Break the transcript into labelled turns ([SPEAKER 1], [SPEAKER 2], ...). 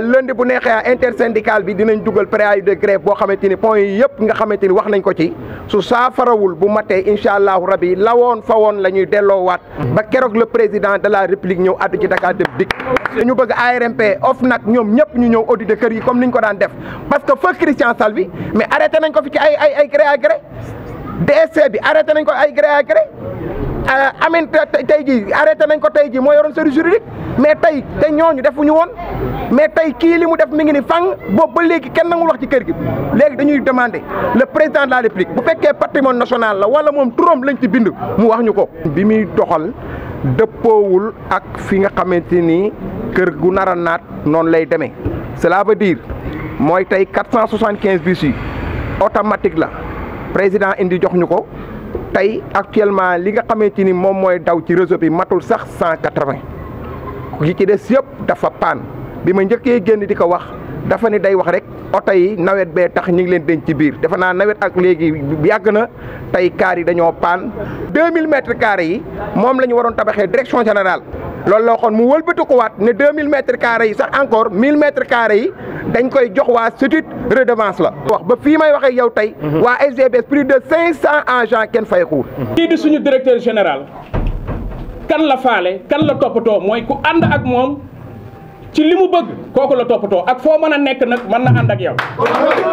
[SPEAKER 1] lundi bu neexee à intersyndical bi dinañ dugal préavis de grève bo xamanteni point yépp nga xamanteni wax nañ ko ci su sa farawul bu maté inshallah allahu rabi lawoon fa woon la ba kérok le président de la république ñëw àddu ci Dakar def dik ñu bëgg ARMP nak ñom ñëpp ñu ñëw audit de kër yi comme niñ ko daan def parce que feu Christian Salvi mais arrêté nañ ko fi ci ay ay ay gré à gré DSC bi arrêté nañ ko ay gré à gré. Euh, amin tey jii arrêté nañ ko tey jii moo yoroon service juridique mais tey te ñooñu defuñu woon mais tey kii li mu def mi ngi ni fang boobu ba léegi kenn mu wax ci kër gi léegi dañuy demander le président de la république bu fekkee patrimoine national la wala moom turam lañ ci bind mu wax ñu ko. bi muy doxal dëppoowul ak fi nga xamante ni kër gu nar a naat noonu lay demee cela veut dire mooy tey 475 bis yi automatique la président indi jox ko. tey actuellement li nga xamante ni moom mooy daw ci réseau bi matul sax cent quatre-vingts gi ci des yëpp dafa paan bi ma njëkkee génn di ko wax dafa ni day wax rek oto yi nawet bee tax ñu ngi leen denc ci biir dafa naa nawet ak léegi yàgg na tey kaar yi dañoo paan deux mille yi moom la ñu waroon tabaxee direction générale lool la waxoon mu wëlbatu ko waat ne deux mille mètres yi sax encore mille mètres yi dañ koy jox wa statut redevance la wax ba fi may waxe yow tay mhm. wa SGBS plus de 500 agents ken fay xuur kii di suñu directeur général kan la faale kan la topoto moy ku and ak mom ci limu bëgg koku la topoto ak fo mën nek nak nag mën na ànd ak yow